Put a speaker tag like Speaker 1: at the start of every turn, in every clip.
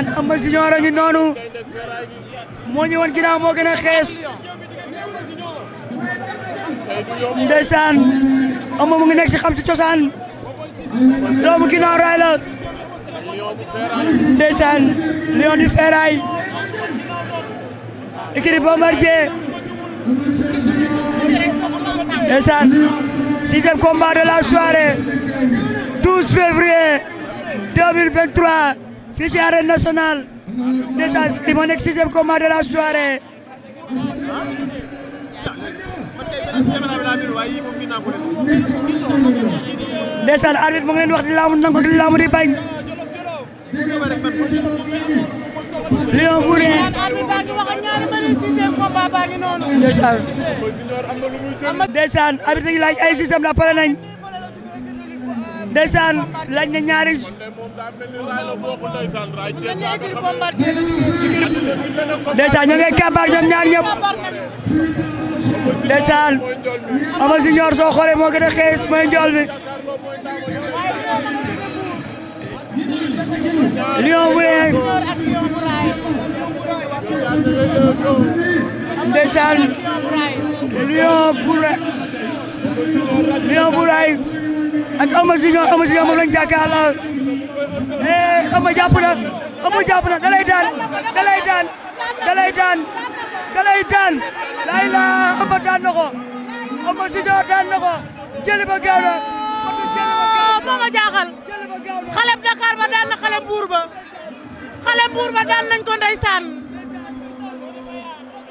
Speaker 1: ndeysaan Eumeu ngi noonu moo ñëwoon ginnaaw moo gën xees ndeysaan Eumeu mu ngi nekk si xam si cosaan doomu ginnaaw raay la ndeysaan Lion du Ferraille ikiri Bombardier
Speaker 2: ndeysaan sixième combat de la soirée
Speaker 1: 12 février 2023 fii ci arène nationale déjà li moo nekk sixième combat de la soirée ndeysaan arbitre mu ngi leen wax di laamu nangu di laamu di bañ Lion Buné ndeysaan ndeysaan arbitre ngi laaj ay sixième la pare nañ
Speaker 2: ndeysaan laaj na ñaari ndeysaan ñoo ngi kabaar ñoom ñaar ñëpp ndeysaan ama si soo xoolee moo gën xees mooy njool bi lion bu reen bu reen
Speaker 1: ak Eumeu Junior Eumeu Junior moom lañu jàkkaarloo eh, Eumeu jàpp na Eumeu jàpp na dalay dalay daan dalay daan dalay daan laay la daan na ko Eumeu Junior daan na ko
Speaker 2: ba gaaw na moo ma jaaxal ba daan na xale Mbuur ba xale Mbuur ba daan nañ ko ndeysaan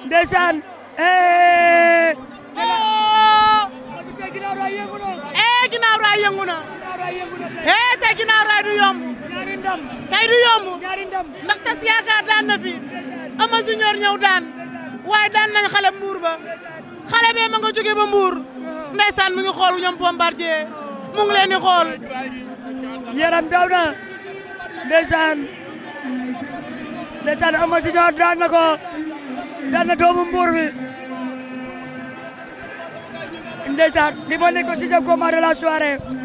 Speaker 2: ndeysaan eh oh! raay yëngu na eh tey ginnaaw raay du yomb tey du yomb ndax tas daan na fi ama junior ñëw daan waaye daan nañ xale mbuur ba xale bee ma nga jóge ba mbuur ndeysaan mi ngi xool ñoom bombardier mu ngi xool yaram daw na
Speaker 1: ndeysaan ndeysaan ama junior daan na ko daan na doomu mbuur bi ndeysaan li ma nekk aussi c'est comment de la